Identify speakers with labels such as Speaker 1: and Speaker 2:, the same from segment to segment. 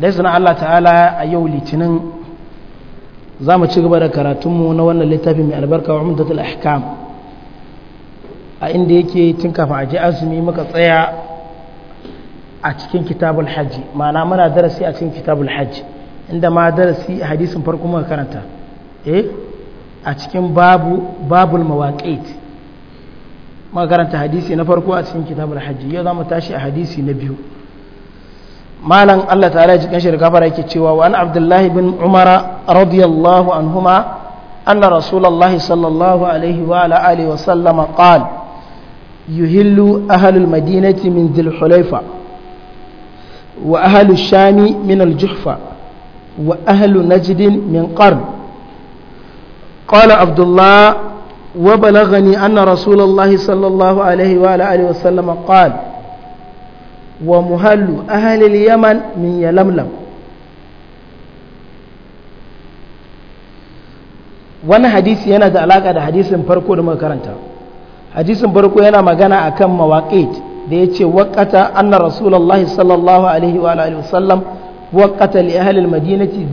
Speaker 1: da izinin Allah ta'ala a yau litinin za mu ci gaba da karatunmu na wannan littafin mai albarka wa mutatul ahkam a inda yake tun kafin a ji azumi muka tsaya a cikin kitabul hajji ma'ana muna darasi a cikin kitabul hajji inda ma darasi hadisin farko muka karanta eh a cikin babu babul mawaqit muka karanta hadisi na farko a cikin kitabul hajji yau za mu tashi a hadisi na biyu malam Allah ta'ala jikin shi da gafara yake cewa wa an abdullahi bin umara radiyallahu anhuma anna rasulullahi sallallahu alaihi wa ala alihi wa sallama qala yuhillu ahlul madinati min dhil hulaifa wa ahlul shami min aljuhfa juhfa wa ahlu najd min qarn qala abdullah وبلغني أن رسول الله صلى wa ala وعلى wa وسلم قال ومهل أهل اليمن من يلملم wani hadisi yana da alaka da hadisin farko da makaranta hadisin farko yana magana akan mawaƙit da ya ce waƙata anna rasulallah sallallahu alaihi wa alihi wasallam waƙata li ahlil madinati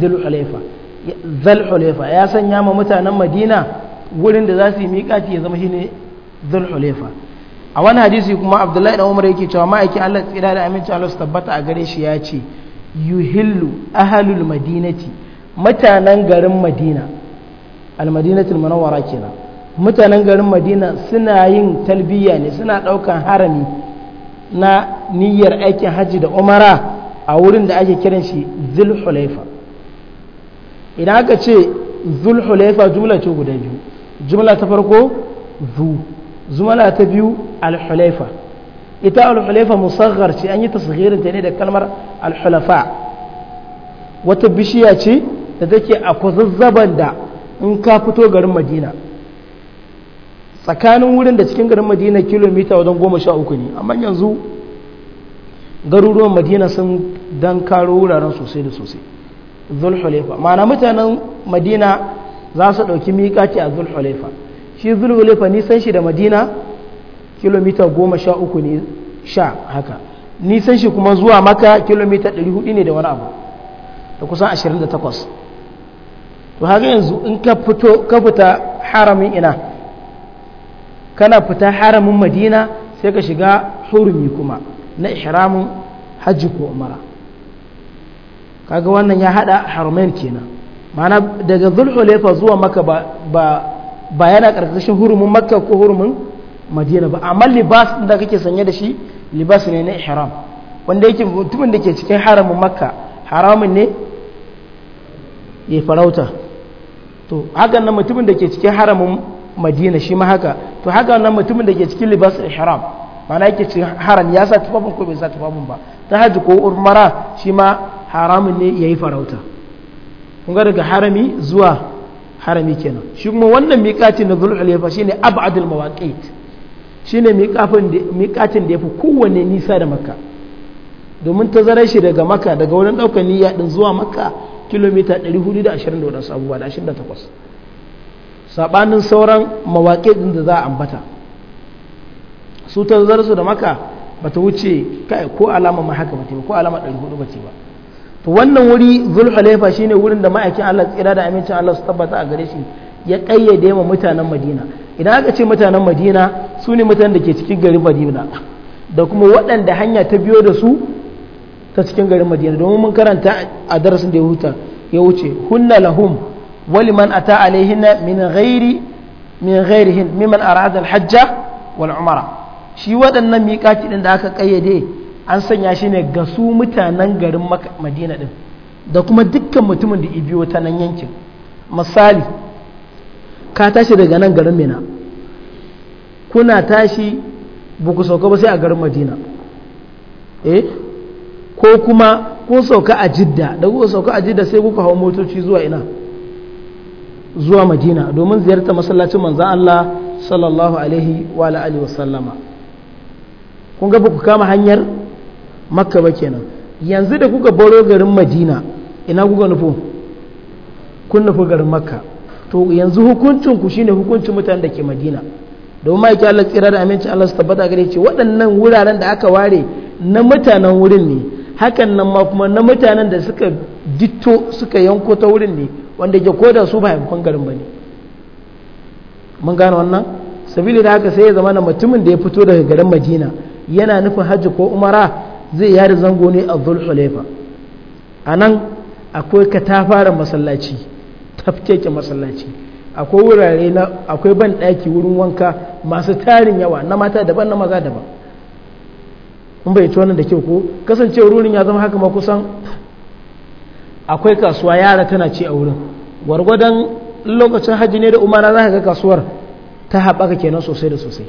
Speaker 1: zal hulaifa ya sanya ma mutanen madina wurin da za su yi miƙati ya zama shine zal hulaifa a wani hadisi kuma abdullahi da umar yake cewa ma'aikin allah tsira da amincin allah su tabbata a gare shi ya ce yuhillu ahalul madinati mutanen garin madina almadinatul munawwara kenan mutanen garin madina suna yin talbiya ne suna daukan harami na niyyar aikin hajji da umara a wurin da ake kiran shi hulaifa idan aka ce hulaifa jumla ce guda biyu jumla ta farko zu zumala ta biyu al-hulaifa ita al-hulaifa musaghar ce an yi tasghirin ta ne da kalmar al-hulafa wata bishiya ce da take a kwazazzaban da in ka fito garin madina tsakanin wurin da cikin garin madina kilomita wajen goma sha uku ne amma yanzu garuruwan madina sun dan karo wuraren sosai da sosai zulhulefa ma'ana mutanen madina za su ɗauki miƙaci a zulhulefa shi zulhulaifa nisan shi da madina kilomita goma sha uku ne sha haka nisan shi kuma zuwa maka kilomita 400 ne da wani abu da kusan 28 to haka yanzu in ka fito ka fita haramin ina kana fita haramin madina sai ka shiga hurumi kuma na ihramin hajji ko umara kaga wannan ya hada haramain kenan ma'ana daga zulhulaifa zuwa maka ba ba yana karkashin hurumin makka ko hurumin madina ba amma libas da kake sanye da shi libas ne na ihram wanda yake mutumin da ke cikin haramin makka haramun ne ya farauta to hakan nan mutumin da ke cikin haramin madina shi ma haka to hakan nan mutumin da ke cikin libas ihram mana yake cikin haram ya sa tufafin ko bai sa tufafin ba ta haji ko umara shi ma haramun ne ya yi farauta kun ga daga harami zuwa harami kenan shi kuma wannan miƙacin na zulul hulaifa shine ab'adul mawaqit shine miƙacin da yafi kowanne nisa da makka domin ta zarar shi daga makka daga wurin ɗaukar niyya din zuwa makka kilomita 420 da wadansu abubuwa da 28 sabanin sauran mawaƙi din da za a ambata su tazarar su da makka ta wuce kai ko alama ma haka ba ko alama 400 ba ce ba to wannan wuri zulhulaifa shine wurin da ma'aikin Allah tsira da amincin Allah su tabbata a gare shi ya kayyade ma mutanen Madina idan aka ce mutanen Madina su ne mutanen da ke cikin garin Madina da kuma waɗanda hanya ta biyo da su ta cikin garin Madina domin mun karanta a darasin da ya huta ya wuce hunna lahum waliman ata alaihinna min ghairi min ghairihin mimman arada al-hajja wal umara shi waɗannan miƙaci din da aka kayyade an sanya shi ne ga su mutanen garin madina din da kuma dukkan mutumin da ibiyo ta nan yankin misali ka tashi daga nan garin mina kuna tashi ba ku sauka ba sai a garin madina eh ko kuma kun sauka a jidda da kuka sauka a jidda sai kuka hau motoci zuwa ina zuwa madina domin ziyarta masallacin manzan Allah sallallahu alaihi wa alihi wasallama kun ga buku ku kama hanyar makka ba kenan yanzu da kuka baro garin madina ina kuka nufo kun nufo garin makka to yanzu hukuncin ku shine hukuncin mutanen da ke madina domin ma'aiki Allah tsira da aminci Allah su tabbata gare ce waɗannan wuraren da aka ware na mutanen wurin ne hakan nan ma kuma na mutanen da suka ditto suka yanko ta wurin ne wanda ke koda su ba haifafan garin ba ne mun gane wannan sabili da haka sai ya zama na mutumin da ya fito daga garin madina yana nufin hajji ko umara zai yada zango ne a zulhulaifa a nan akwai katafaren masallaci tafkeke masallaci akwai wurare na akwai ban ɗaki wurin wanka masu tarin yawa na mata daban na maza daban in bai ci wannan da kyau ko kasancewar wurin ya zama haka ma kusan akwai kasuwa yara tana ce a wurin gwargwadon lokacin hajji ne da umara za ka ga kasuwar ta haɓaka kenan sosai da sosai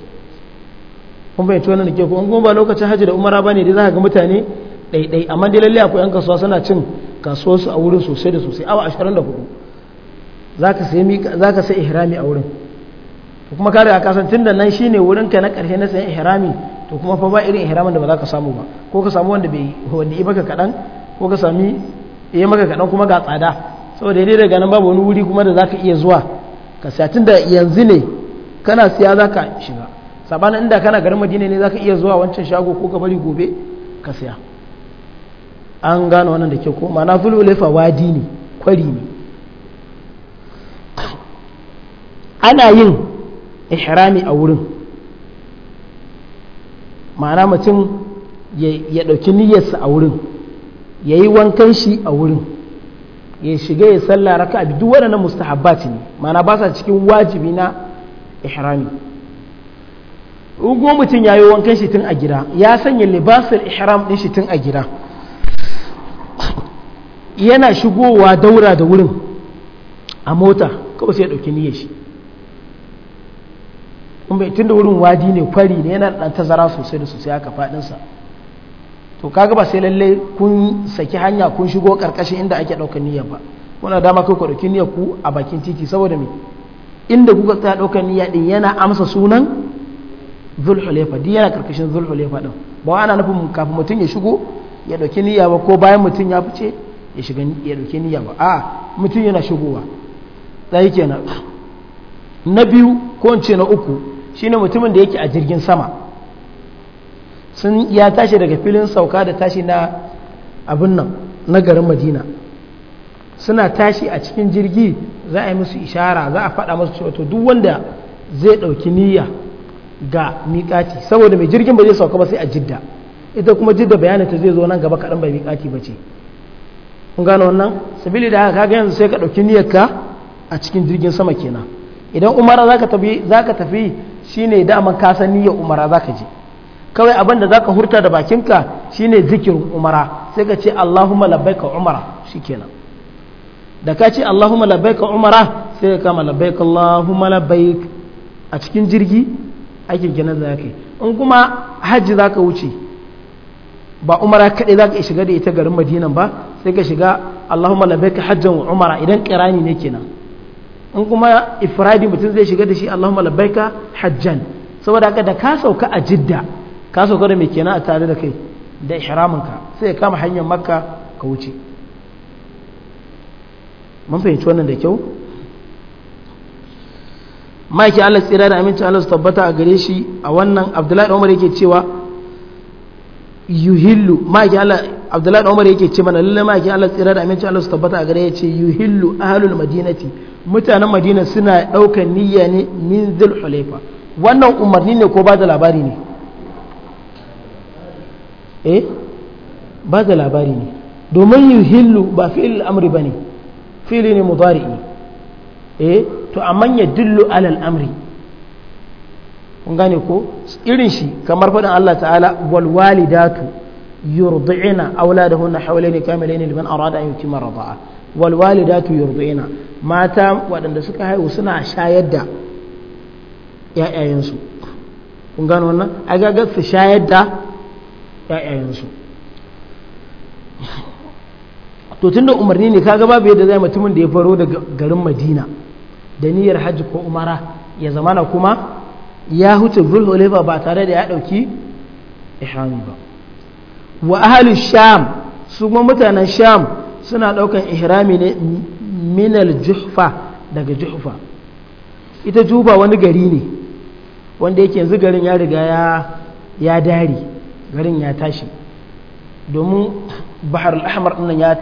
Speaker 1: kun bai tuwa nan ke ko kuma ba lokacin hajji da umara bane za zaka ga mutane ɗaiɗai amma dai lalle akwai yan kasuwa suna cin kasuwar su a wurin sosai da sosai awa 24 zaka sai mi zaka sai ihrami a wurin to kuma kare ka san tunda nan shine wurin ka na karshe na sayan ihrami to kuma fa ba irin ihramin da ba za ka samu ba ko ka samu wanda bai wanda yi maka kadan ko ka sami yi maka kadan kuma ga tsada saboda dai daga nan babu wani wuri kuma da zaka iya zuwa ka sa tunda yanzu ne kana siya zaka shiga sabanin inda kana garin madina ne za ka iya zuwa wancan shago ko ka gobe ka siya an gane wannan da ke ko ma'ana zululefa wadi ne kwari ne ana yin ihrami a wurin ma'ana mutum ya ɗauki niyyarsa a wurin ya yi wankan shi a wurin ya shiga ya sallah raka duk waɗannan mustahabbat ne ma'ana ba sa cikin wajibi na ihrami ugo mutum ya yi wankan shi tun a gida ya sanya libasul ihram din shi tun a gida yana shigowa daura da wurin a mota kawai sai ya ɗauki niyyar shi tun da wurin wadi ne kwari ne yana ɗan tazara sosai da sosai haka fadinsa to kaga ba sai lalle kun saki hanya kun shigo karkashin inda ake daukar niyyar ba kuna dama kai ku dauki niyyar ku a bakin titi saboda me inda kuka ta ɗaukar niyya ɗin yana amsa sunan zulhulefa duk yana karkashin zulhulefa din ba ana nufin kafin mutum ya shigo ya dauki niyya ba ko bayan mutum ya fice ya shiga ya dauki niyya ba a mutum yana shigowa dai kenan na biyu ko in na uku shine mutumin da yake a jirgin sama sun ya tashi daga filin sauka da tashi na abin nan na garin madina suna tashi a cikin jirgi za a yi musu ishara za a faɗa musu cewa to duk wanda zai ɗauki niyya ga miƙati saboda mai jirgin ba zai sauka ba sai a jidda ita kuma jidda bayanin ta zai zo nan gaba kaɗan bai miƙati ba ce kun gano wannan sabili da haka kaga yanzu sai ka ɗauki niyyarka a cikin jirgin sama kenan idan umara zaka tafi tafi shine daman ka san niyyar umara zaka je kawai abin da za ka hurta da bakinka shine zikirin umara sai ka ce Allahumma ka umara shi kenan da ka ce Allahumma ka umara sai ka kama ka Allahumma labai a cikin jirgi aikin kenan za ka in kuma hajji za ka wuce ba umara kaɗai za ka shiga da ita garin madinan ba sai ka shiga allahumma labbaika hajjan wa umara idan kirani ne kenan in kuma ifradi mutum zai shiga da shi allahumma ka hajjan saboda kada da ka sauka a jidda ka sauka da mai kenan a tare da kai da ka sai ya kama hanyar makka ka wuce mun fahimci wannan da kyau maki Allah tsira da amincin Allah su tabbata a gare shi a wannan Abdullahi Umar yake cewa yuhillu maki Allah Abdullahi Umar yake ce mana lalle maki Allah tsira da amincin Allah su tabbata a gare ya ce yuhillu ahlul madinati mutanen Madina suna daukar niyya ne min dhul hulaifa wannan umarni ne ko ba da labari ne eh ba da labari ne domin yuhillu ba fi'il amri bane fili ne mudari'i eh to a manya dillu alal amri kun gane ko irin shi kamar faɗin Allah ta'ala wal walidatu yurdi'ina auladahunna hawlaini kamilaini liman arada an yutimma rida'a wal walidatu yurdi'ina mata waɗanda suka haihu suna shayar da ƴaƴayensu kun gano wannan a ga su shayar da ƴaƴayensu to tunda umarni ne kaga babu yadda zai mutumin da ya faro daga garin Madina da niyyar hajji ko umara ya zamana kuma ya huce hulaifa ba tare da ya ɗauki ihrami ba wa ahalu sham su kuma mutanen sham suna ɗaukan ihrami ne minal juhfa daga juhfa ita juba wani gari ne wanda yake yanzu garin ya riga ya dari garin ya tashi domin bahar al'ahmar nan ya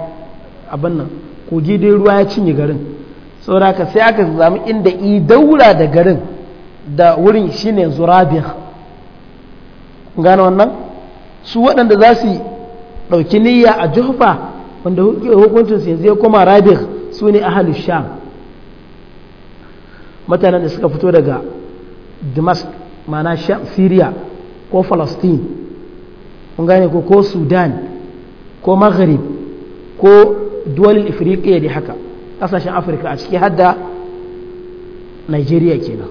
Speaker 1: abin nan kogi dai ruwa ya cinye garin saboda ka sai aka zama inda i daura da garin da wurin shine zurabih gano wannan su waɗanda za su ɗauki niyya a juhfa wanda hukuncin yanzu zai koma rabih su ne ahalu sham mutanen da suka fito daga damask mana syria ko palestine kun gane ko sudan ko maghrib ko duwalin ifriqiya da haka kasashen afirka a ciki hada nigeria kenan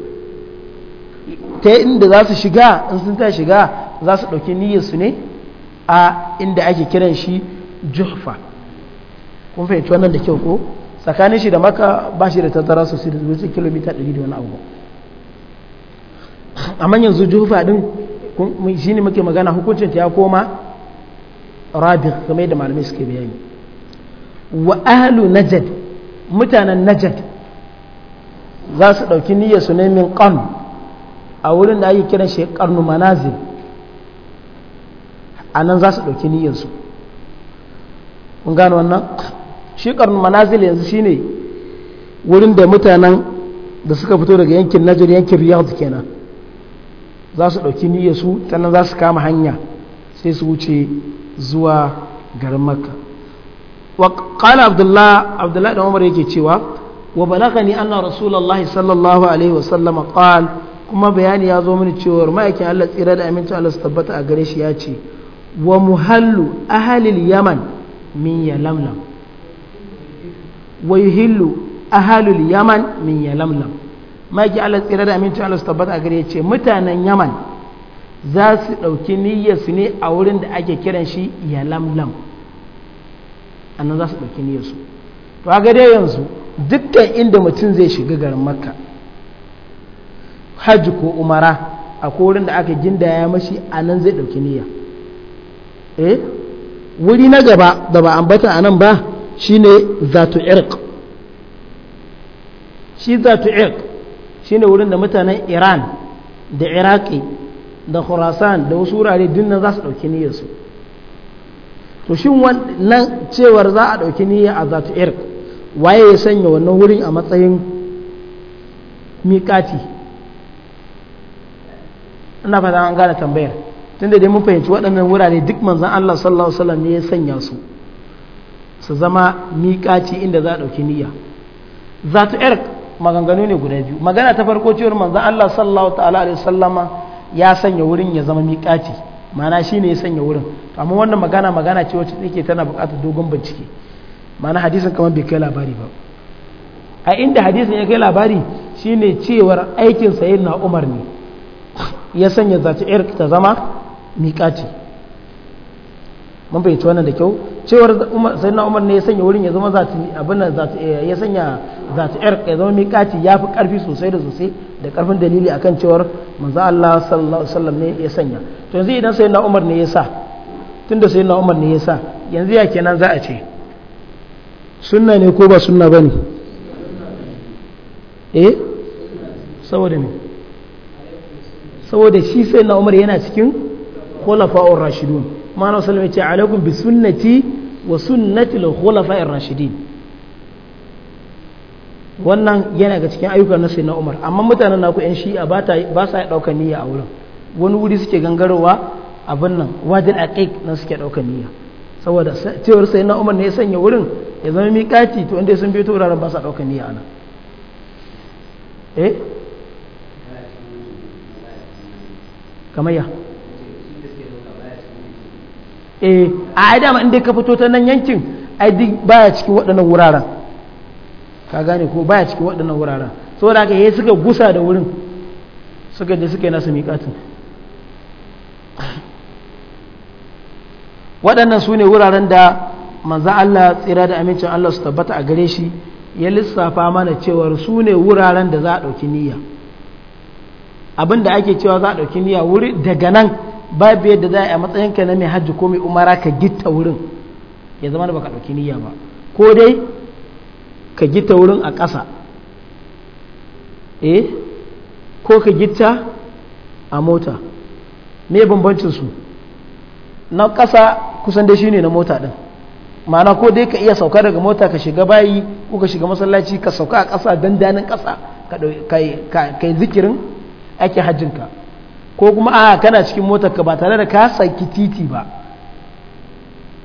Speaker 1: ta inda za su shiga in sun ta shiga za su niyyar niyyarsu ne a inda ake kiran shi juhfa kun fahimci wannan da kyau ko tsakanin shi da maka ba shi da tattara sosai da zuwa kilomita 100 da wani abu amma yanzu Juhfa din shi ne muke magana hukuncin ta ya koma rabin game da malamai suke bayani wa ahalu najad mutanen najad za su ɗauki niyyar su min ƙan a wurin da ake kiran shi ƙarnu manazil a nan za su ɗauki niyyarsu kun gano wannan shi ƙarnu manazil yanzu shine wurin da mutanen da suka fito daga yankin najad yankin riyadu kenan za su ɗauki niyyarsu sannan za su kama hanya sai su wuce zuwa garin makka وقال عبد الله عبد الله بن عمر يكي تشوا وبلغني أن رسول الله صلى الله عليه وسلم قال كما بياني يا زومن تشور ما يكي الله إرادة أمين تعالى استبت أغريش ياتي ومهل أهل اليمن من يلملم ويهل أهل اليمن من يلملم ما يكي الله إرادة أمين تعالى استبت أغريش متانا يمن za su ɗauki niyyarsu ne a wurin da ake kiran shi yalamlam annan za su ɗauki niyyar su to a dai yanzu dukkan inda mutum zai shiga garin makka hajji ko umara a wurin da aka ya mashi a nan zai ɗauki niyya eh wuri na gaba da ba bata a nan ba shi ne zatu irk shi zatu shi ne wurin da mutanen iran da iraki da khurasan da wasu wurare dinnan za su ɗauki niyyarsu to shin wannan cewar za a ɗauki niyya a zatu irk waye ya sanya wannan wurin a matsayin miƙati ina fata an gane tambayar tunda dai mun fahimci waɗannan wurare duk manzan Allah sallallahu alaihi wasallam ne ya sanya su su zama miƙaci inda za a ɗauki niyya zatu irk maganganu ne guda biyu magana ta farko cewar manzan Allah sallallahu ta'ala alaihi wasallama ya sanya wurin ya zama miƙaci mana shi ne ya sanya wurin amma wannan magana magana ce wacce take tana buƙatar dogon bincike mana hadisin kamar bai kai labari ba a inda hadisin ya kai labari shi ne cewar aikin sayin na umar ne ya sanya zaci irk ta zama miƙaci mun ci wannan da kyau cewar sayin na umar ne ya sanya wurin ya zama zaci abin ya sanya za ta yar ya zama miƙaci ya fi ƙarfi sosai da sosai da ƙarfin dalili akan cewar manzo Allah sallallahu alaihi wasallam ne ya sanya to yanzu idan sayyidina Umar ne ya sa tunda sayyidina Umar ne ya sa yanzu ya kenan za a ce sunna ne ko ba sunna bane eh saboda me saboda shi sayyidina Umar yana cikin khulafa'ur rashidun ma'ana sallallahu alaihi wasallam ya ce alaikum bi sunnati wa sunnati al-khulafa'ir rashidin wannan yana ga cikin ayyukan na na umar amma mutanen naku yan shi'a ba sa ɗaukar niyya a wurin wani wuri suke gangarowa abin nan wajen aqiq nan suke ɗaukar niyya saboda cewar sai na umar ne ya sanya wurin ya zama miƙaci to inda sun biyo ta wuraren ba sa ɗaukar niyya ana eh kamar ya eh a ai dama inda ka fito ta nan yankin ai duk baya cikin waɗannan wuraren ka gane ko baya cikin waɗannan wuraren saboda haka yi suka gusa da wurin suka je suka yi nasu miƙatin waɗannan su ne wuraren da manzan Allah tsira da amincin Allah su tabbata a gare shi ya lissafa mana cewar su ne wuraren da za a ɗauki niyya abin da ake cewa za a ɗauki niyya wuri daga nan babu yadda za a yi a matsayinka na mai hajji ko mai umara ka gitta wurin ya zama da baka ɗauki niyya ba ko dai ka gita wurin a ƙasa eh ko ka gita a mota me bambancin su na ƙasa kusan da ne na mota ɗin mana ko dai ka iya sauka daga mota ka shiga bayi ko ka shiga masallaci ka sauka a ƙasa don danin ƙasa ka yi zikirin ake hajjinka ko kuma a kana cikin motar ka ba tare da ka saki titi ba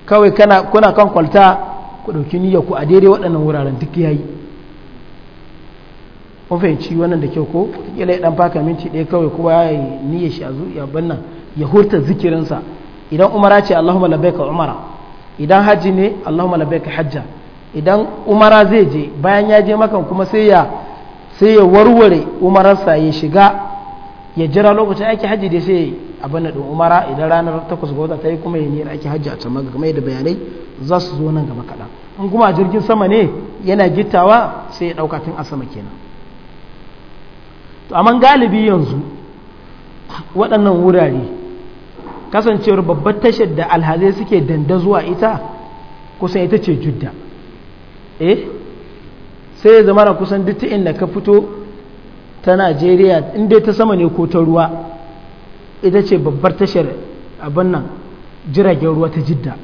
Speaker 1: kawai kana kuna kan kwalta ku ɗauki niyyar ku a daidai waɗannan wuraren duk yayi kun fahimci wannan da kyau ko kila ya dan faka minti ɗaya kawai kowa ya yi niyyar shi a zuciya bannan ya hurta zikirinsa idan umara ce Allahumma labbaika umara idan haji ne Allahumma labbaika hajja idan umara zai je bayan ya je makan kuma sai ya sai ya warware umararsa ya shiga ya jira lokacin aiki hajji da sai ya yi abin da umara idan ranar takwas ga wata ta yi kuma yaniyar ake hajji a can kamar da bayanai za su zo nan gaba kaɗan in kuma jirgin sama ne yana gittawa sai ya ɗauka tun a sama kenan to amma galibi yanzu waɗannan wurare kasancewar babbar tashar da alhazai suke danda zuwa ita kusan ita ce judda eh sai ya zama na kusan duk inda ka fito ta najeriya in dai ta sama ne ko ta ruwa ita ce babbar tashar abin nan jiragen ruwa ta jidda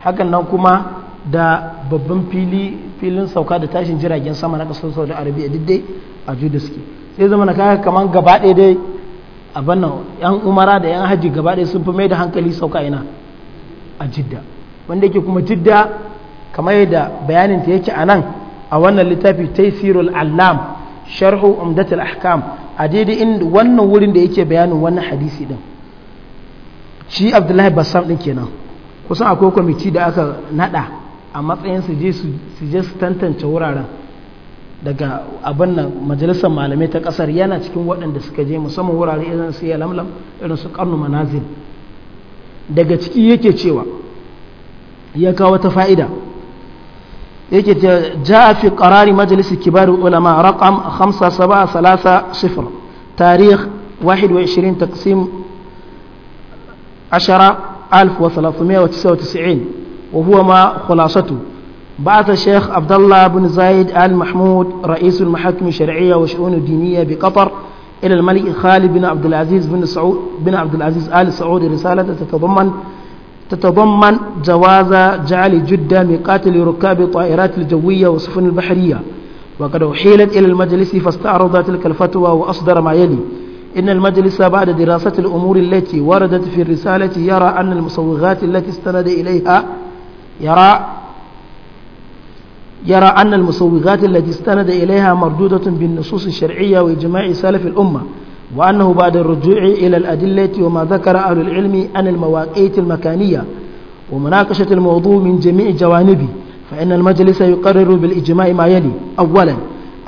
Speaker 1: hakan nan kuma da babban fili filin sauka da tashin jiragen sama na kasar saudi arabia dai a juda suke sai zama na kaga kamar gaba ɗaya dai abin nan yan umara da yan haji gaba sun fi mai da hankali sauka ina a jidda wanda yake kuma jidda kamar yadda bayanin ta yake a nan a wannan littafi tasirul allam sharhu umdatul ahkam a daidai in wannan wurin da yake bayanin wannan hadisi din shi abdullahi bassam din kenan kusan akwai kwamiti da aka nada a matsayin su je su tantance wuraren daga abin nan majalisar malamai ta kasar yana cikin waɗanda suka je musamman wurare irin su ya lamlam irin su karnu manazil daga ciki yake cewa ya kawo ta fa'ida خمسة سبعة ثلاثة صفر تاريخ واحد وعشرين تقسيم عشرة ألف 21 وتسعة وتسعين وهو ما خلاصته بعث الشيخ عبد الله بن زايد آل محمود رئيس المحاكم الشرعية والشؤون الدينية بقطر إلى الملك خالد بن عبد العزيز بن سعود بن عبد العزيز آل سعود رسالة تتضمن تتضمن جواز جعل جدة ميقات لركاب الطائرات الجوية والسفن البحرية وقد أحيلت إلى المجلس فاستعرض تلك الفتوى وأصدر ما يلي إن المجلس بعد دراسة الأمور التي وردت في الرسالة يرى أن المصوغات التي استند إليها يرى يرى أن المصوغات التي استند إليها مردودة بالنصوص الشرعية وإجماع سلف الأمة وأنه بعد الرجوع إلى الأدلة وما ذكر أهل العلم عن المواقيت المكانية ومناقشة الموضوع من جميع جوانبه فإن المجلس يقرر بالإجماع ما يلي أولا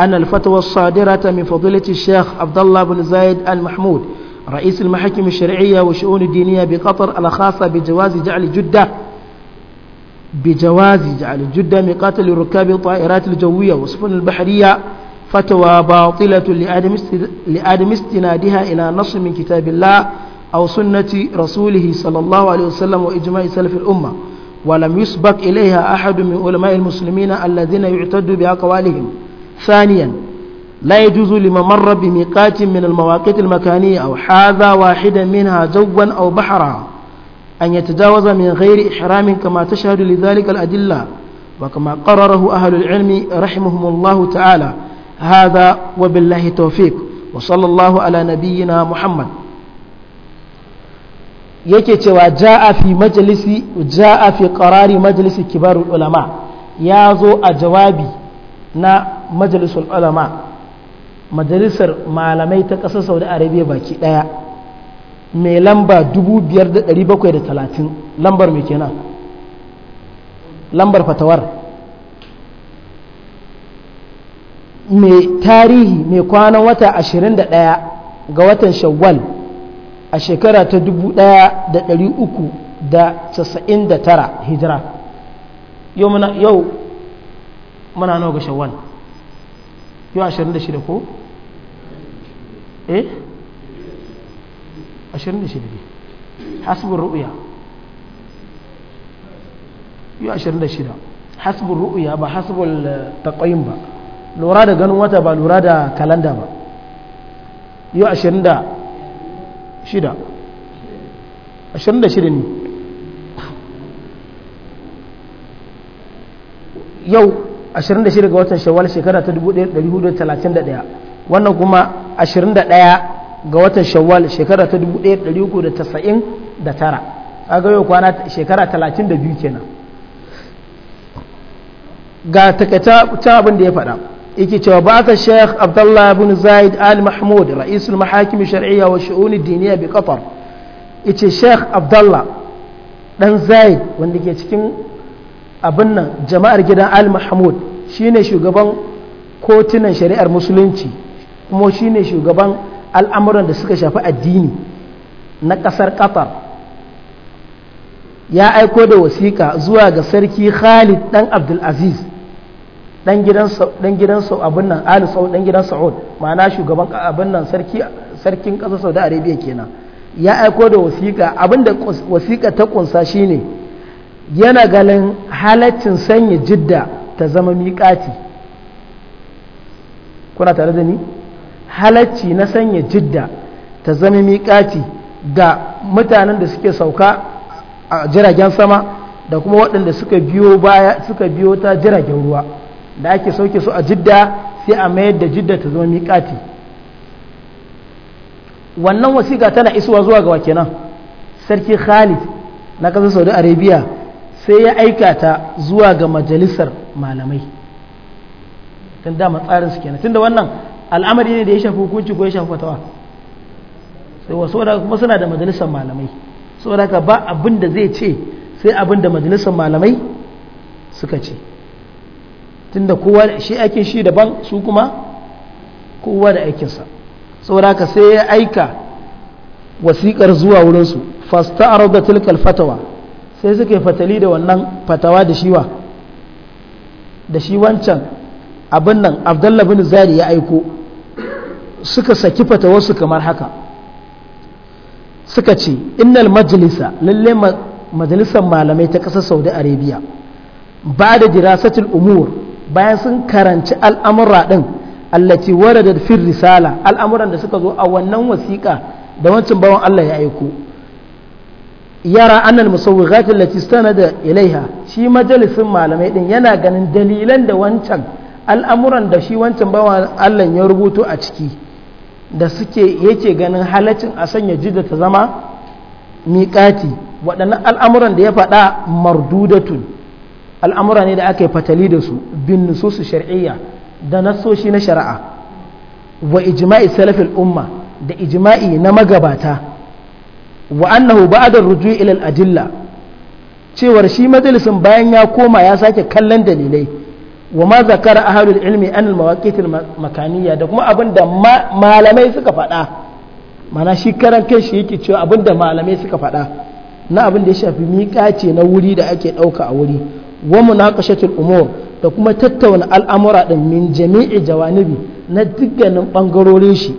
Speaker 1: أن الفتوى الصادرة من فضيلة الشيخ عبد الله بن زايد المحمود رئيس المحاكم الشرعية والشؤون الدينية بقطر الخاصة بجواز جعل جدة بجواز جعل جدة ميقات لركاب الطائرات الجوية والسفن البحرية فتوى باطلة لعدم استنادها إلى نص من كتاب الله أو سنة رسوله صلى الله عليه وسلم وإجماع سلف الأمة ولم يسبق إليها أحد من علماء المسلمين الذين يعتد بأقوالهم ثانيا لا يجوز لمن مر بميقات من المواقيت المكانية أو حاذا واحدا منها جوا أو بحرا أن يتجاوز من غير إحرام كما تشهد لذلك الأدلة وكما قرره أهل العلم رحمهم الله تعالى هذا وبالله توفيق وصلى الله على نبينا محمد yake cewa ja'a fi majalisi a fi qarari majalisi kibarul ulama ya zo a jawabi na majalisul ulama majalisar malamai ta ƙasar saudi arabia baki ɗaya mai lamba 5730 lambar mai kenan lambar fatawar mai tarihi mai kwanan wata 21 ga watan shawwal a shekara ta 1399 hijira yau mana yau mana nau ga shawwal yau 26 ko? eh? 26 ne hasbin ru'uya yau 26 hasbin ru'uya ba hasbin taƙayin ba lura da ganin wata ba lura da kalanda ba yau ashirin da shida ashirin da shida ne yau ashirin da shida ga watan shawar shekara ta 1431 wannan kuma ashirin da daya ga watan shawar shekara ta 1399 ga yau kwana shekara 32 kenan ga takaita abin da ya faɗa yake cewa ka Sheikh Abdullah ibn Zaid Al Mahmud رئيس المحاكم الشرعية والشؤون الدينية بقطر yace Sheikh Abdullah dan Zaid wanda ke cikin abin nan jama'ar gidan Al Mahmud shine shugaban kotunan shari'ar musulunci kuma shine shugaban al'amuran da suka shafi addini na ƙasar Qatar ya aiko da wasiƙa zuwa ga sarki Khalid dan Abdul Aziz dan gidan dan gidan abin nan Ali Saud dan gidan Saud ma'ana shugaban abin nan sarki sarkin kasar Saudi Arabia kenan ya aiko da wasiƙa abin da wasiƙa ta kunsa shine yana galin halaccin sanya jidda ta zama miƙati kuna tare da ni halacci na sanya jidda ta zama miƙati ga mutanen da suke sauka a jiragen sama da kuma waɗanda suka biyo baya suka biyo ta jiragen ruwa da ake sauke su a jidda sai a mayar da jidda ta zama miƙati wannan wasiƙa tana isuwa zuwa ga kenan sarki khalid na ƙasar saudi arabia sai ya aika ta zuwa ga majalisar malamai tun dama tsarin su kenan tunda wannan al'amari ne da ya shafi hukunci ko ya shafi fatawa sai wasu kuma suna da majalisar malamai aka ba abin da zai ce sai abin da majalisar malamai suka ce tunda kowa shi aikin shi daban su kuma kowa da aikinsa sauraka sai ya aika wasiƙar zuwa wurinsu fasta a da tilkal fatawa sai suka yi fatali da wannan fatawa da shiwa da shi wancan abin nan abdullah zari ya aiko suka saki fatawarsu kamar haka suka ce innal majalisa lalle majalisar malamai ta ƙasar saudi arabia ba da dirasatul umur bayan sun karanci al'amura ɗin allati waradat fil risala al'amuran da suka zo a wannan wasiƙa da wancan bawan Allah ya aiko yara annal musawwiqat allati da ilaiha shi majalisin malamai din yana ganin dalilan da wancan al'amuran da shi wancan bawan Allah ya rubuto a ciki da suke yake ganin halacin a sanya jida ta zama miƙati waɗannan al'amuran da ya faɗa mardudatun al'amura ne da aka yi fatali da su bin nususu shar'iyya da nasoshi na shari'a wa ijma'i salafil umma da ijima'i na magabata wa annahu ba'da rujui ila al-adilla cewar shi majalisin bayan ya koma ya sake kallon dalilai wa ma zakara ahlul ilmi an al makaniya da kuma da malamai suka faɗa mana shi karan kai shi yake cewa abinda malamai suka faɗa na abin da ya shafi miƙa ce na wuri da ake ɗauka a wuri wa munaqashatul umur da kuma tattauna al'amura din min jami'i jawanibi na dukkanin bangarorin shi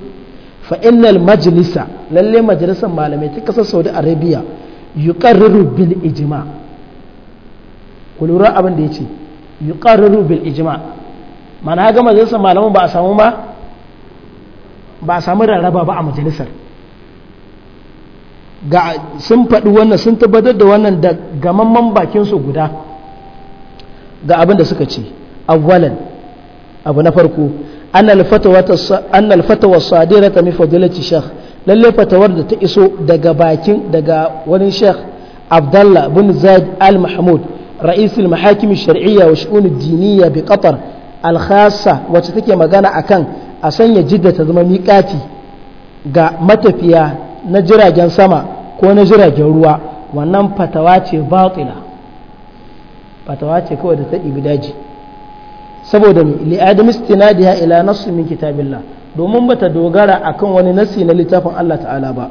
Speaker 1: fa innal majlisa lalle majalisar malamai ta kasar Saudi Arabia yuqarriru bil ijma ku lura abin da yace yuqarriru bil ijma mana ga majalisar malamai ba a samu ba ba a samu rarraba ba a majalisar ga sun faɗi wannan sun tabbatar da wannan da gamamman bakin su guda ga abin da suka ce awwalan abu na farko an alfatawar sadira ta mifadilaci shekh lalle fatawar da ta iso daga bakin daga wani shekh abdallah bin zaid al mahmud ra'isul mahakim shar'iyya wa shi'un diniya bi qatar al khassa wacce take magana akan a sanya jidda ta zama miƙati ga matafiya na jiragen sama ko na jiragen ruwa wannan fatawa ce batila fatawa wace kawai da ta ɗibi daji saboda li adam istinadiha ila nasu min kitabillah domin bata dogara akan wani nasi na littafin Allah ta'ala ba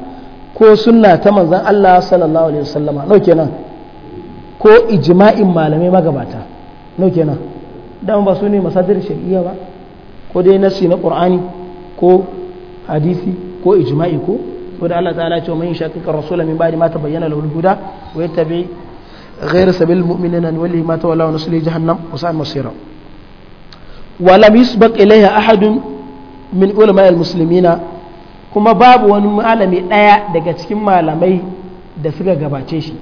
Speaker 1: ko sunna ta manzon Allah sallallahu alaihi wasallama nau kenan ko ijma'in malamai magabata nau kenan dan ba su ne masadir shari'a ba ko dai nasi na qur'ani ko hadisi ko ijma'i ko da Allah ta'ala ce man yashaqiqa rasula min ba'di ma tabayyana lahu al-huda wa yattabi' غير سبيل المؤمنين نوليه ما تولى ونصليه جهنم وساء مصيرا ولم يسبق إليها أحد من علماء المسلمين kuma babu wani malami ɗaya daga cikin malamai da suka gabace shi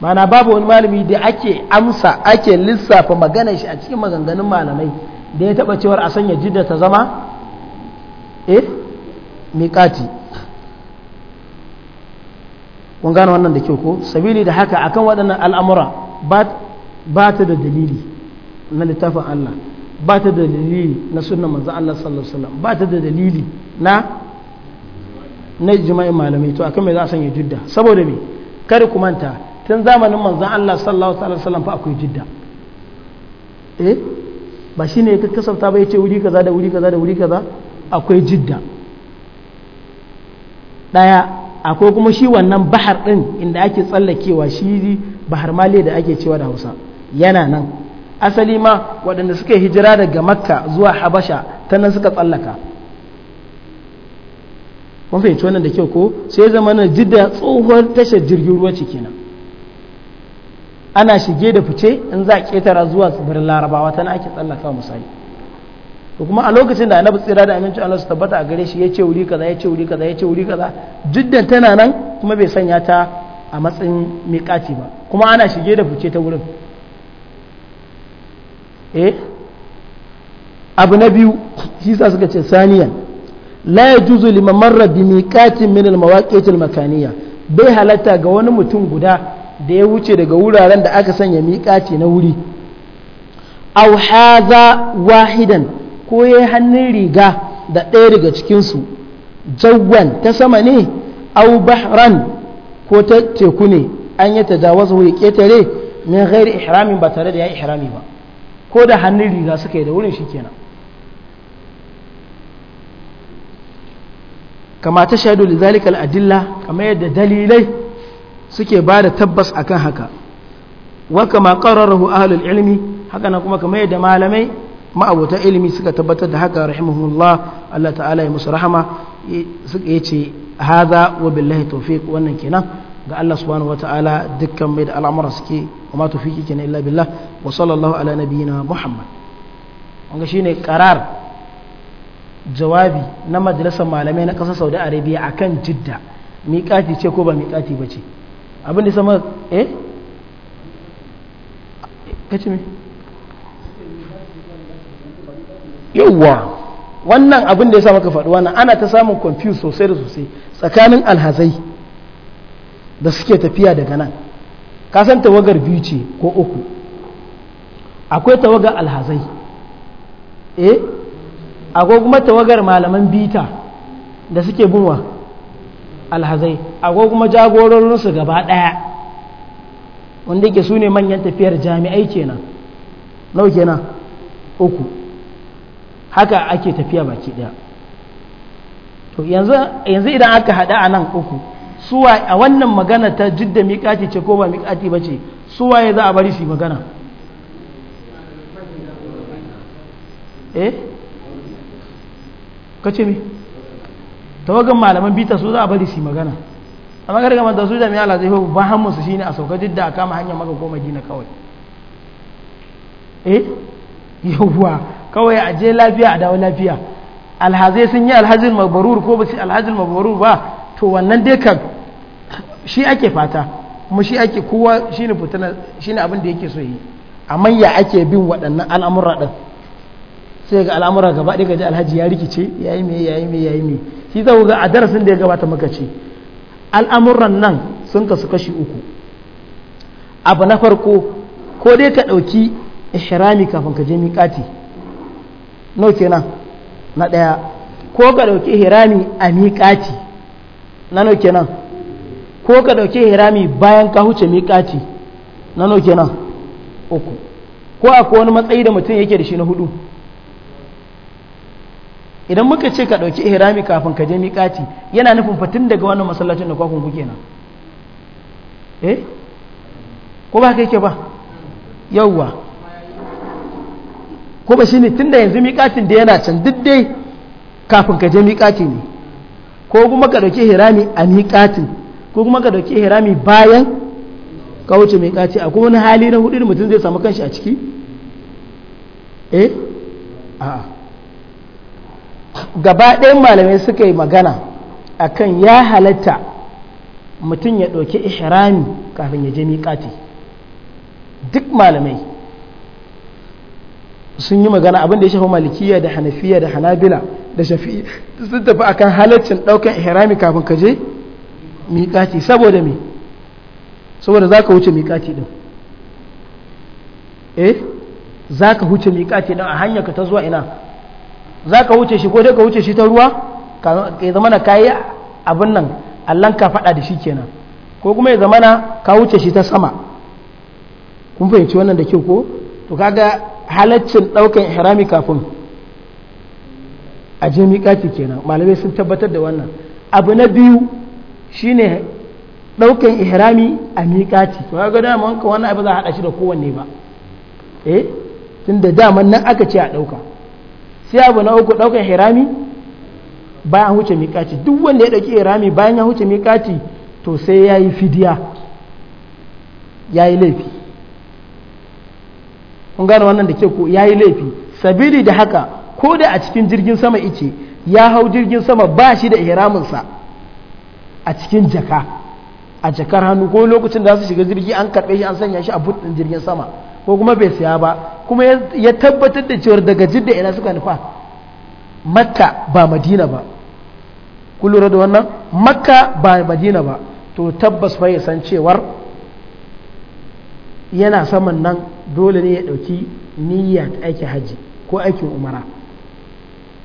Speaker 1: mana babu wani malami da ake amsa ake lissafa magana shi a cikin maganganun malamai da ya taɓa cewar a sanya jidda ta zama eh miƙati kun gane wannan da kyau ko sabili da haka akan waɗannan al'amura ba ta da dalili na littafin Allah ba ta da dalili na sunan manzon Allah sallallahu alaihi wasallam ba ta da dalili na na jima'in malamai to akan me za a sanya jidda saboda me kare ku manta tun zamanin manzon Allah sallallahu alaihi wasallam fa akwai jidda eh ba shine ka kasafta ba yace wuri kaza da wuri kaza da wuri kaza akwai jidda daya akwai kuma shi wannan bahar ɗin inda ake tsallakewa shi bahar male da ake cewa da hausa yana nan asali ma waɗanda suka yi hijira daga makka zuwa habasha ta nan suka tsallaka kun fahimci wannan da kyau ko sai zama na jidda tsohuwar tashar jirgin ruwa ce kenan ana shige da fice in za a ƙetara zuwa tsibirin larabawa ta ake tsallaka misali to kuma a lokacin da annabi tsira da amincin Allah su tabbata a gare shi ya ce wuri kaza ya ce wuri kaza ya ce wuri kaza jiddan tana nan kuma bai sanya ta a matsayin miƙati ba kuma ana shige da fice ta wurin eh abu na biyu shi sa suka ce saniyan la yajuzu liman marra bi miqatin min al-mawaqit al bai halatta ga wani mutum guda da ya wuce daga wuraren da aka sanya miƙaci na wuri aw hadha wahidan ko ya yi hannun riga da ɗaya daga cikinsu jawwan ta sama ne au bahran ko ta teku ne an yi tajawazu ya ƙetare min ghairi ihramin ba tare da ya ihrami ba ko da hannun riga suka yi da wurin shi kenan kama ta shaidu da zalikal adilla kamar yadda dalilai suke ba da tabbas akan haka wa kama ƙararrahu ahlul ilmi haka na kuma kamar yadda malamai ma'abuta ilimi suka tabbatar da haka rahimahullah Allah ta'ala ya musu rahama ya ce haza wa billahi tawfiq wannan kenan ga Allah subhanahu wa ta'ala dukkan mai da al'amura suke kuma tawfiki kenan illa billah wa sallallahu ala nabiyyina muhammad wanga shine karar jawabi na majalisar malamai na kasar Saudi Arabia akan Jidda miƙati ce ko ba miƙati ba ce abin da sama eh kace me yauwa wannan abin da ya sa maka faɗi wannan ana ta samun confuse sosai da sosai tsakanin alhazai da suke tafiya daga nan kasan tawagar biyu ce ko uku akwai tawagar alhazai eh akwai kuma tawagar malaman bita da suke bunwa alhazai akwai kuma jagororinsu gaba ɗaya wanda yake su ne manyan tafiyar jami'ai kenan nau kenan uku haka ake tafiya baki ɗaya to yanzu idan aka haɗa a nan uku suwa a wannan magana ta jidda miƙati ce ko ba miƙati ba ce suwa ya za a bari su magana eh ka ce mi tawagan malaman bita su za a bari su magana a magana gama da su da miyala zai hau ba su shine a sauka jidda a kama hanyar maka ko madina kawai eh yawwa kawai a je lafiya a dawo lafiya alhazai sun yi alhazin mabarur ko ba su alhazin mabarur ba to wannan dai kan shi ake fata kuma shi ake kowa shi ne fitina shi ne abinda yake so yi amma ya ake bin waɗannan al'amura ɗin sai ga al'amura gaba ɗaya gaji alhaji ya rikice ya yi mai ya yi mai ya yi mai shi zau ga a darasin da ya gabata muka ce al'amuran nan sun kasu kashi uku abu na farko ko dai ka ɗauki ishirami kafin ka je miƙati no kenan na ɗaya ko ka ɗauki hirami a miƙaci na no kenan ko ka ɗauki hirami bayan ka huce miƙaci na no kenan uku ko akwai wani matsayi da mutum yake da shi na hudu idan muka ce ka ɗauki Hirami kafin ka je miƙaci yana nufin fatin daga wannan masallacin da kwakwan kuke nan eh ko ba ka yake ba yawwa ko ba tun da yanzu miƙatin da yana can duk dai kafin ka je miƙatin ne ko kuma ka dauki hirami a miƙatin ko kuma ka dauki hirami bayan ka wuce miƙati akwai wani hali na hudu da mutum zai samu kanshi a ciki eh a'a gaba ɗayan malamai suka yi magana akan ya halatta mutum ya ɗauki ihrami kafin ya je miƙati duk malamai sun yi magana abin da ya shafi malikiya da hanafiya da hanabila da shafi sun tafi kan halaccin ɗaukan ihrami kafin ka je miƙati saboda me saboda za ka wuce miƙati din eh za ka wuce miƙati din a hanyar ka ta zuwa ina za ka wuce shi ko dai ka wuce shi ta ruwa ka yi zamana ka yi abin nan allan ka faɗa da shi kenan ko kuma ya zamana ka wuce shi ta sama kun fahimci wannan da kyau ko to kaga halaccin ɗaukan ihrami kafin a je miƙati kenan malamai sun tabbatar da wannan abu na biyu shine ɗaukan ihrami a miƙati to ga dama wanka wannan abu za a haɗa shi da kowanne ba eh da daman nan aka ce a ɗauka sai abu na uku ɗaukan ihrami bayan huce miƙaci duk wanda ya ɗauki irami bayan ya huce miƙaci to sai ya yi fidiya ya yi laifi kun gane wannan da ke ko yi laifi sabili da haka ko da a cikin jirgin sama ice ya hau jirgin sama ba shi da ihraminsa a cikin jaka a jakar hannu ko lokacin da za su shiga jirgi an karɓe shi an sanya shi a buɗin jirgin sama ko kuma bai saya ba kuma ya tabbatar da cewar daga jidda ina suka nufa makka ba madina ba da wannan makka ba madina ba to tabbas fa ya san cewar yana saman nan dole ne ya ɗauki niyya ta aiki hajji ko aikin umara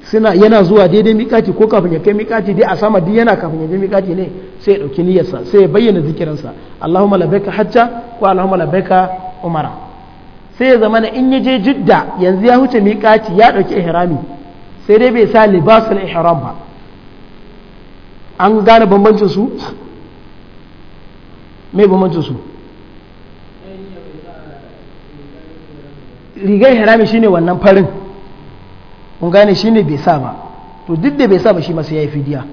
Speaker 1: suna yana zuwa daidai mikati ko kafin ya kai mikati dai a sama duk yana kafin ya je mikati ne sai ya ɗauki niyyarsa sai ya bayyana zikirinsa Allahumma labbaika hajja ko Allahumma labbaika umara sai ya zama in ya je jidda yanzu ya huce mikati ya ɗauki ihrami sai dai bai sa libasul ihram ba an gane bambancin su me bambancin su rigar harami shine wannan farin kun gane shine bai sa ba to duk da bai sa ba shi masu yayi fidiya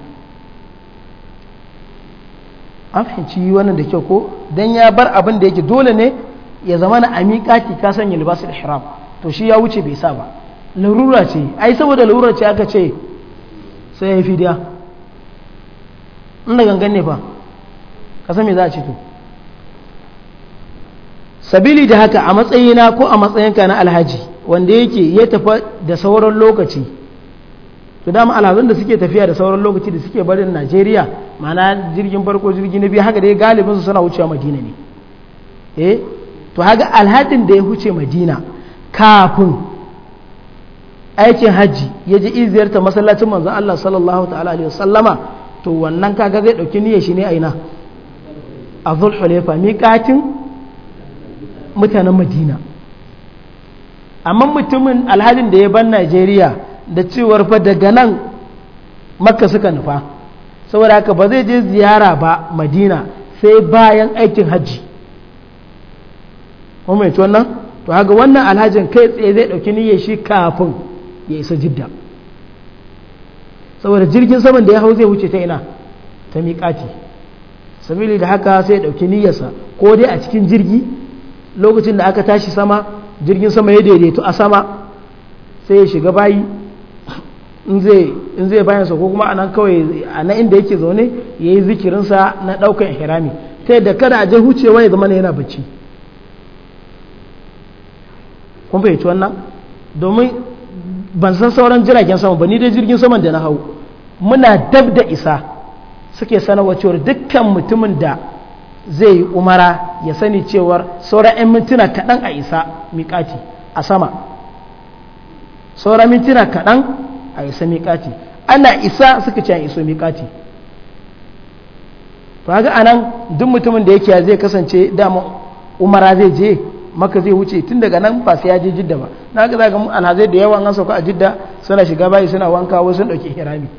Speaker 1: an fahimci wannan da kyau ko don ya bar abin da yake dole ne ya zama na ki ka sanya da ihram to shi ya wuce bai sa ba larura ce ai saboda larura ce aka ce sai ya yi fidiya in da gangan ne fa ka san me za a ce to sabili da haka a matsayina ko a matsayinka na alhaji wanda yake ya tafa da sauran lokaci to dama Alhazun da suke tafiya da sauran lokaci da suke barin najeriya mana jirgin farko jirgin na biyu haka galibin galibinsu suna wucewa madina ne eh to haka alhajin da ya huce madina kafin aikin hajji ya ji iziyarta masallacin manzon Allah sallallahu ta'ala alaihi wasallama to wannan kaga zai dauki niyyar shi ne aina a zulhulefa miƙatin mutanen madina amma mutumin alhalin da ya ban najeriya da cewar fa daga nan makka suka nufa saboda haka ba zai je ziyara ba madina sai bayan aikin hajji kuma mai wannan to haka wannan alhajin kai tsaye zai dauki niyyar shi kafin ya isa jidda saboda jirgin saman da ya hau zai wuce ta ina ta miƙati sabili da haka sai ya ɗauki niyyarsa ko dai a cikin jirgi lokacin da aka tashi sama jirgin sama ya daidaito a sama sai ya shiga bayi in zai bayansa ko kuma a nan kawai a na inda yake zaune ya yi zikirinsa na ɗaukan hirami ta yadda kada a je hucewa ya zama yana bacci kun fahimci wannan domin ban san sauran jiragen sama ba ni dai jirgin saman da na hau muna dab da isa suke sanarwa cewar dukkan mutumin da zai yi umara ya sani cewar sauran 'yan mintuna kaɗan a isa miƙati a sama sauran mintuna kaɗan a isa miƙati ana isa suka ce iso miƙati ba ga anan duk mutumin da yake zai kasance dama umara zai je maka zai wuce tun daga nan ba su ya jidda ba na ga ana alhazai da yawan an sauka a jidda suna shiga bayi suna wanka wasu sun ɗauki hirami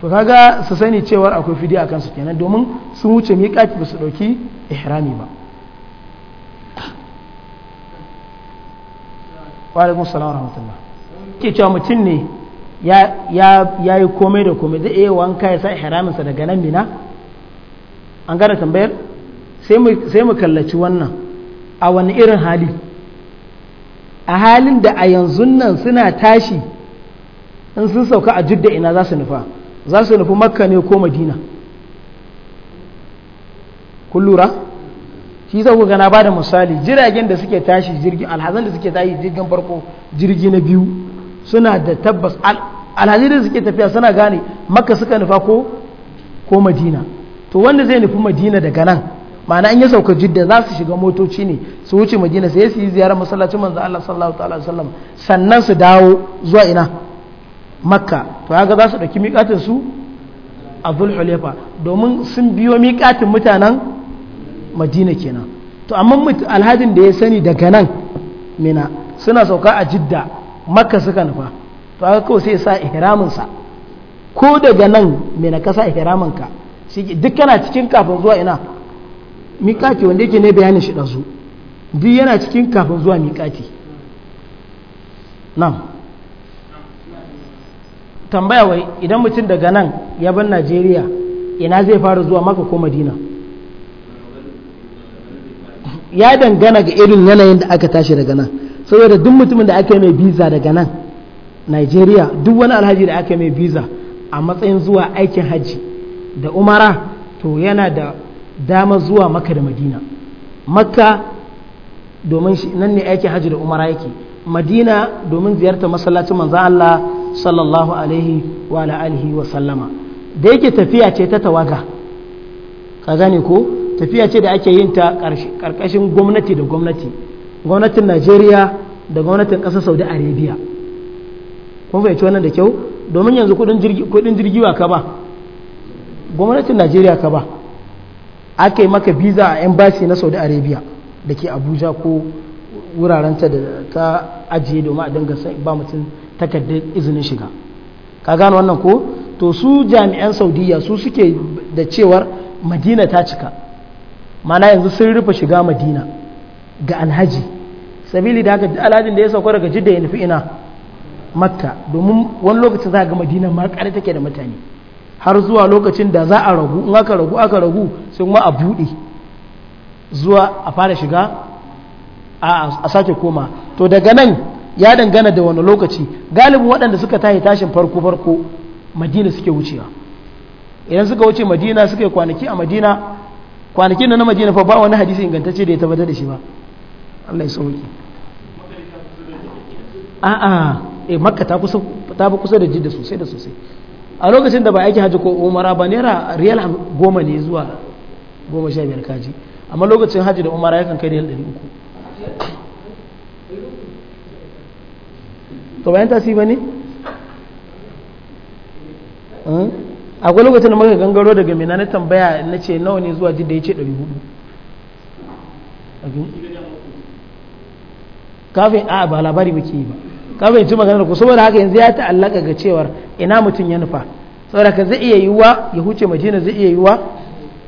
Speaker 1: to kaga su sani cewar akwai fidi a su kenan domin sun wuce kaki ba su ɗauki ihrami ba walaikun salam rahmatullah ke cewa mutum ne ya yi komai da komai zai iya wanka ya sa ihraminsa daga nan mina an gane tambayar sai mu kallaci wannan a wani irin hali a halin da a yanzu nan suna tashi in sun sauka a jidda ina za su nufa za su nufi makka ne ko madina kun lura shi za ku gana ba da misali jiragen da suke tashi jirgin alhazan da suke tashi jirgin farko jirgi na biyu suna da tabbas alhazi da suke tafiya suna gane makka suka nufa ko ko madina to wanda zai nufi madina daga nan ma'ana an yi sauka jidda za su shiga motoci ne su wuce madina sai su yi ziyarar masallacin manzo Allah sallallahu alaihi wasallam sannan su dawo zuwa ina makka to haka za su ɗauki miƙatinsu su a zulhulefa domin sun biyo miƙatin mutanen madina kenan to amma alhajin da ya sani daga nan mina suna sauka a jidda makka suka nufa to haka kawai sai sa ihraminsa ko daga nan mina ka sa ihraminka duk kana cikin kafin zuwa ina miƙati wanda yake ne bayanin shi ɗazu duk yana cikin kafin zuwa miƙati nan tambaya wai idan mutum daga nan ya bar najeriya ina zai fara zuwa maka ko madina ya dangana ga irin yanayin da aka tashi daga nan saboda duk mutumin da aka yi mai biza daga nan najeriya duk wani alhaji da aka yi mai biza a matsayin zuwa aikin hajji da umara to yana da dama zuwa maka da madina makka domin nan ne aikin hajji da umara yake madina domin ziyartar masallacin manzan allah sallallahu alaihi wa alihi wa sallama da yake tafiya ce ta tawaga ka gane ko tafiya ce da ake yin ta karkashin gwamnati da gwamnati gwamnatin najeriya da gwamnatin ƙasar saudi arabia kun fahimci wannan da kyau domin yanzu kudin jirgiwa ka ba gwamnatin najeriya ka ba aka yi maka biza a embassy na saudi arabia da ke abuja ko ta da ta ajiye domin a dinga ba mutum takardar izinin shiga ka gano wannan ko to su jami'an saudiya su suke da cewar madina ta cika mana yanzu sun rufe shiga madina ga alhaji sabili da haka alhajin da ya sauka daga jidda ya nufi ina makka domin wani lokacin za ga madina ma kare take da mutane har zuwa lokacin da za a ragu in aka ragu aka ragu sai kuma a buɗe zuwa a fara shiga a sake koma to daga nan ya dangana da wani lokaci galibin waɗanda suka tashi tashin farko farko madina suke wucewa idan suka wuce madina suka yi kwanaki a madina kwanaki na madina fa ba wani hadisi ingantacce da ya tabbatar da shi ba Allah ya sauki a eh makka ta kusa ta fi kusa da jidda sosai da sosai a lokacin da ba aiki hajji ko umara ba naira riyal goma ne zuwa goma sha biyar kaji amma lokacin hajji da umara yakan kai riyal ɗari uku to bayan tasi ba ne akwai lokacin da maka gangaro daga mina na tambaya na ce nawa ne zuwa da ya ce 400 kafin a ba labari muke yi ba kafin ci maganar ku saboda haka yanzu ya ta'allaka ga cewar ina mutum ya nufa saboda ka zai iya yiwuwa ya huce majina zai iya yiwuwa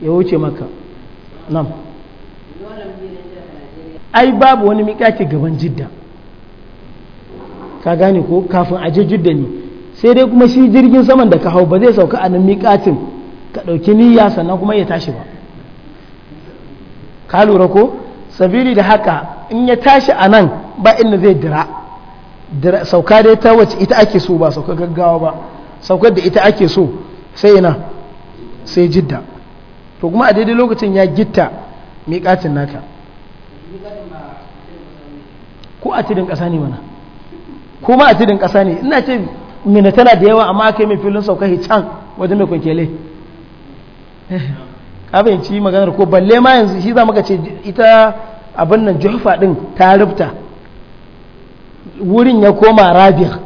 Speaker 1: ya huce maka nan ai babu wani miƙa gaban jidda ka gane ko kafin a je jidda ne sai dai kuma shi jirgin saman da ka hau ba zai sauka a nan miƙatin ka ɗauki niyya sannan kuma ya tashi ba ka lura ko sabili da haka in ya tashi a nan ba inda zai dira sauka dai ta wacce ita ake so ba sauka gaggawa ba saukar da ita ake so sai na sai jidda to kuma a daidai lokacin ya gitta miƙatin naka ko a tidin ƙasa ne mana kuma a tudin ƙasa ne ina ce mina tana da yawa amma aka yi mai filin sauka can wajen mai kwankele abinci maganar ko balle ma yanzu shi za maka ce ita abin nan jofa ɗin ta rubta wurin ya koma rabik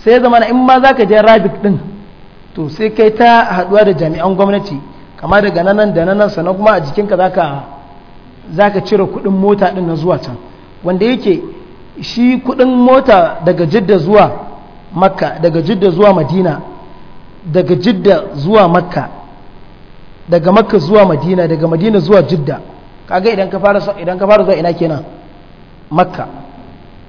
Speaker 1: sai zama na in ma za ka je rabik ɗin to sai kai ta haɗuwa da jami'an gwamnati kama daga nan da nan sannan kuma a jikinka za ka cire kuɗin mota ɗin na zuwa can wanda yake shi kudin mota daga jidda zuwa makka daga jidda zuwa madina daga jidda zuwa makka daga makka zuwa madina daga madina zuwa jidda kaga idan ka fara idan ka fara zuwa ina kenan makka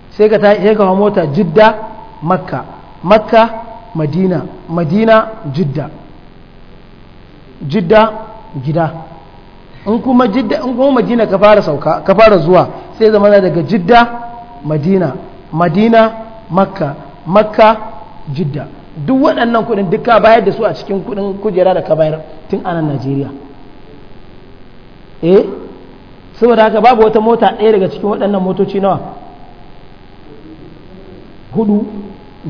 Speaker 1: sai ka sai ka mota jidda makka makka madina madina jidda jidda gida in kuma jidda in kuma madina ka fara sauka ka fara zuwa sai zama daga jidda madina madina makka makka jidda duk waɗannan kuɗin duk ka bayar da su a cikin kuɗin kujera da ka bayar tun anan najeriya eh saboda haka babu wata mota ɗaya daga cikin waɗannan motoci nawa hudu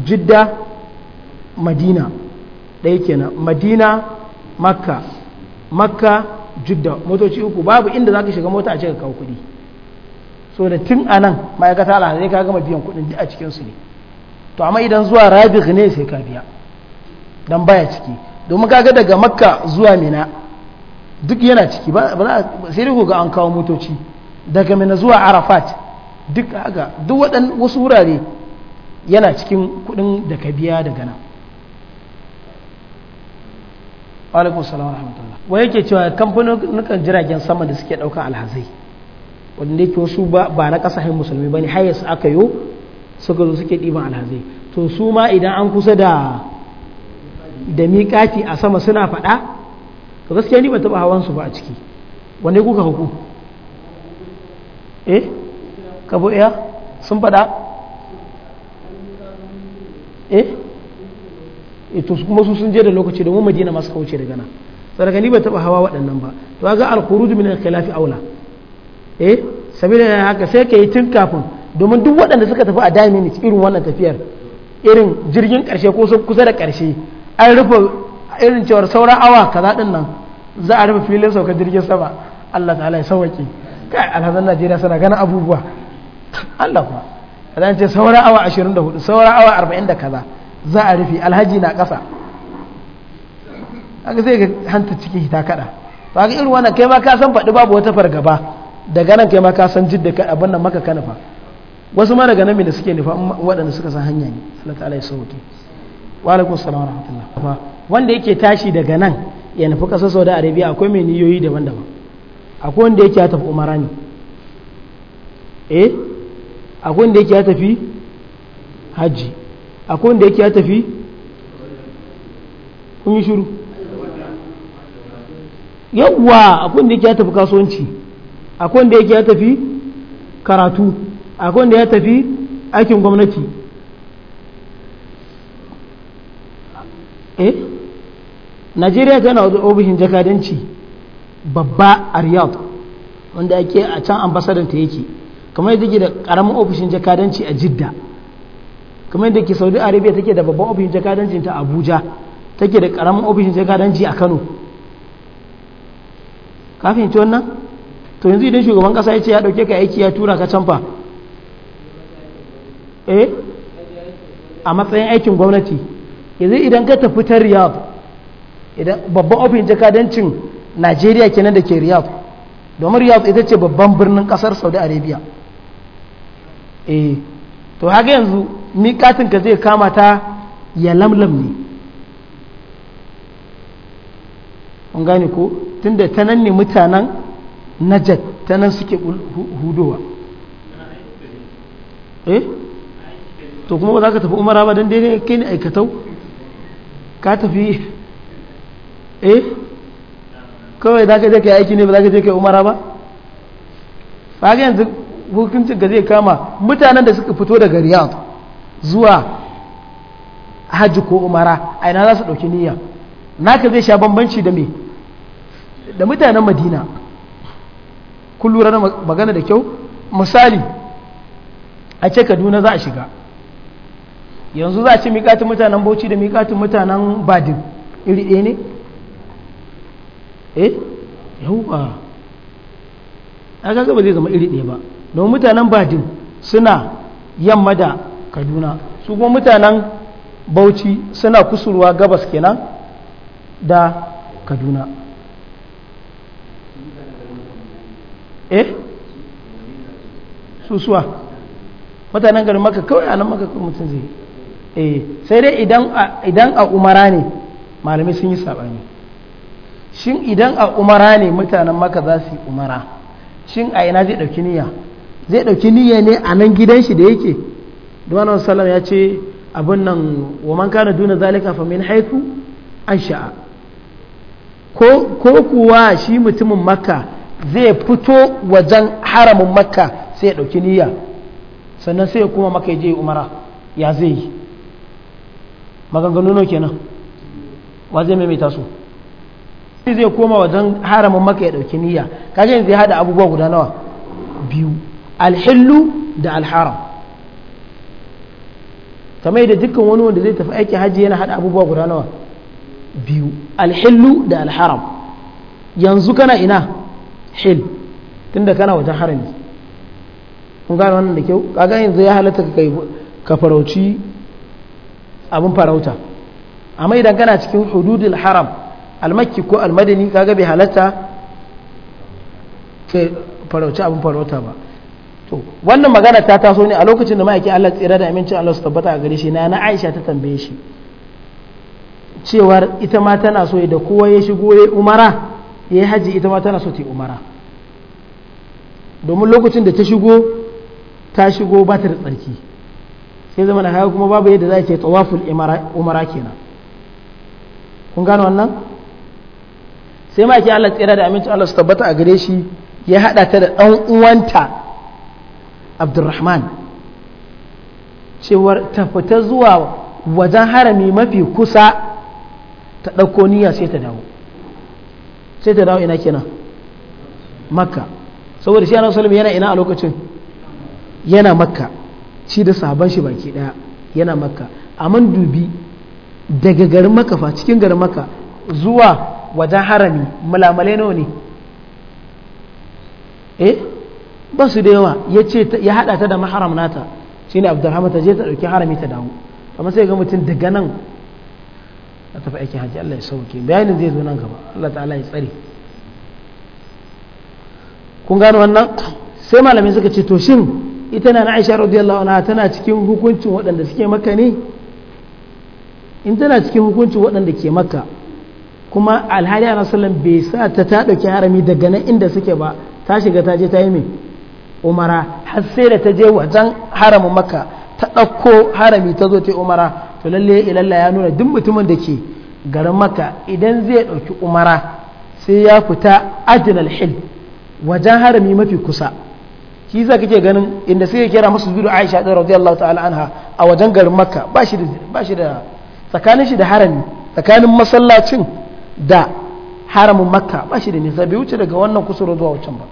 Speaker 1: jidda madina ɗaya kenan madina makka makka jidda motoci uku babu inda za ka shiga mota a ce ka kawo kuɗi so da tun a nan ma'aikata alhazai ka gama biyan kuɗin a cikinsu ne to amma idan zuwa rabih ne sai ka biya don baya ciki domin kaga daga makka zuwa mina duk yana ciki sai dai ga an kawo motoci daga mina zuwa arafat duk haka duk waɗan wasu wurare yana cikin kuɗin da ka biya daga nan alaikun rahmatullah wa yake cewa kamfanin jiragen sama da suke ɗaukan alhazai wanda yake wasu ba na kasashen musulmi ba ne hayar su aka yo suka zo suke ɗiban alhazai to su ma idan an kusa da da miƙati a sama suna faɗa to gaskiya ni ba taɓa hawan su ba a ciki wanda kuka hukun eh kabo iya sun faɗa eh, eh to kuma su sun je da lokaci domin madina masu kauce daga gana sadaka ni ba taɓa hawa waɗannan ba to ga al-khuruj min al-khilafi aula eh sabila haka sai ka yi tun kafin domin duk waɗanda suka tafi a diamond irin wannan tafiyar irin jirgin ƙarshe ko sun kusa da ƙarshe an rufe irin cewar saura awa ka zaɗin nan za a rufe filin saukar jirgin sama Allah ta'ala ya sauwaƙe kai alhazan Najeriya suna ganin abubuwa Allah kuma kaza ce saura awa 24 saura awa 40 da kaza za a rufe alhaji na ƙasa haka sai ga hanta ciki hita kada ba ka irin wannan kai ma ka san faɗi babu wata fargaba daga nan kai ma ka san jidda ka abin nan maka ka nufa wasu ma daga nan da suke nufa waɗanda suka san hanya ne Allah ta'ala ya sauke wa alaikum assalam wa rahmatullah wanda yake tashi daga nan ya nufi kasar Saudi Arabia akwai mai niyoyi daban-daban akwai wanda yake ya tafi umara ne eh akwai wanda yake ya tafi hajji akwai wanda yake ya tafi kun yi shiru yawwa akwai wanda yake ya tafi kasuwanci akwai wanda yake ya tafi karatu akwai wanda ya tafi aikin gwamnati eh najeriya tana da ofishin jakadanci babba a riyadh wanda ake a can ta yake kamar yadda ke da karamin ofishin jakadanci a jidda kamar yadda ke saudi arabia take da babban ofishin jakadanci ta abuja take da karamin ofishin jakadanci a kano kafin ci wannan to yanzu idan shugaban kasa ya ce ya dauke ka aiki ya tura ka canfa eh? a matsayin aikin gwamnati yanzu idan ka tafi ta riyadh idan babban ofin jakadancin najeriya kenan da ke riyadh domin riyadh ita ce babban birnin kasar saudi arabia eh to haka yanzu miƙatin ka zai kama ta ya lamlam ne kun gane ko tunda ta nan ne mutanen najat ta nan suke hudowa eh to kuma ba za ka tafi umara ba don daidai kai ne aikatau ka tafi eh kawai za ka je kai aiki ne ba za ka je kai umara ba ba ga yanzu hukuncin ga zai kama mutanen da suka fito daga riyadh zuwa hajji ko umara a za su ɗauki niyya naka zai sha bambanci da me da mutanen madina kun lura magana da kyau misali a ce kaduna za a shiga yanzu za a ce miƙatin mutanen bauchi da miƙatin mutanen badin iri ɗaya ne eh ba a kaga ba zai zama iri ɗaya ba don mutanen badin suna yamma da kaduna su kuma mutanen bauchi suna kusurwa gabas kenan da kaduna eh susuwa mutanen garin maka kawai a nan maka kawai mutum zai eh sai dai idan a umara ne malamai sun yi sabani shin idan a umara ne mutanen maka za su yi umara shin a ina zai ɗauki niyya zai ɗauki niyya ne a nan gidan shi da yake duwanan salam ya ce abin nan wa man kana duna zalika fa min haifu an sha'a ko kuwa shi mutumin makka zai fito wajen haramin makka sai ya ɗauki niyya sannan sai ya kuma maka je umara ya zai yi maganganu no kenan wa zai maimaita su sai zai koma wajen haramin maka ya ɗauki niyya kaje zai hada haɗa abubuwa guda nawa biyu alhillu da alharam kamar da dukkan wani wanda zai tafi aiki hajji yana haɗa abubuwa guda nawa biyu alhillu da alharam yanzu kana ina hil tunda kana wajen harami kun gane wannan da kyau kaga yanzu ya halatta ka ka farauci abin farauta amma idan kana cikin hududul haram almakki ko almadani kaga bai halatta ka farauci abin farauta ba to wannan magana ta taso ne a lokacin da ma'aikin Allah tsira da amincin Allah su tabbata a gare shi na na Aisha ta tambaye shi cewar ita ma tana so da kowa ya shigo ya umara ya yi hajji ita ma tana so ta umara domin lokacin da ta shigo ta shigo ba ta da tsarki sai zama da haka kuma babu yadda za a ce tsawaful umara kenan kun gano wannan sai ma ke Allah tsira da aminci Allah su tabbata a gare shi ya haɗa ta da ɗan uwanta abdurrahman cewar ta fita zuwa wajen harami mafi kusa ta ɗauko niyya sai ta dawo sai ta dawo ina kenan makka saboda shi annabi sallallahu yana ina a lokacin yana makka shi da sabon shi baki daya yana makka amma dubi daga garin makka fa cikin garin makka zuwa wajen harami mulamale nawa ne eh ba su da yawa ya ya hada ta da maharam nata shine abdurrahman ta je ta dauki harami ta dawo amma sai ga mutum daga nan a tafi aikin hajji Allah ya sauke bayanin zai zo nan gaba Allah ta'ala ya tsare kun gano wannan sai malamai suka ce to shin ita na na Aisha radiyallahu anha tana cikin hukuncin waɗanda suke maka ne in tana cikin hukuncin waɗanda ke maka kuma alhali a nasarar bai sa ta ta ɗauki harami daga nan inda suke ba ta shiga ta je ta yi mai umara har sai da ta je wajen haramin maka ta ɗauko harami ta zo ta umara to lalle ilalla ya nuna duk mutumin da ke garin maka idan zai ɗauki umara sai ya fita adinal hil wajen harami mafi kusa shi za kake ganin inda sai ya kira masu zuru aisha ɗin radiyallahu ta'ala anha a wajen garin maka ba shi da ba shi da tsakanin shi da harami tsakanin masallacin da haramin makka ba shi da nisa bai wuce daga wannan kusurwa zuwa wancan ba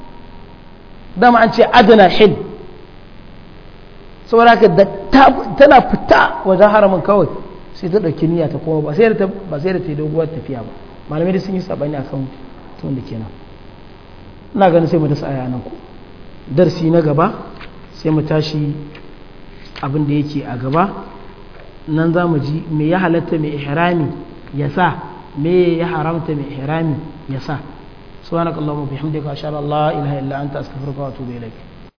Speaker 1: dama an ce adana hil saboda haka tana fita wajen haramin kawai sai ta ɗauki niyya ta koma ba sai da ta yi tafiya ba malamai da sun yi sabani kan tun da kenan ina ganin sai mu dasa nan ku darsi na gaba sai mu tashi abin da yake a gaba nan za mu ji me ya halatta mai ihrami ya sa me ya haramta mai ihrami ya sa subhanakallahumma bihamdika ashhadu an la ilaha illa anta astaghfiruka wa atubu ilaik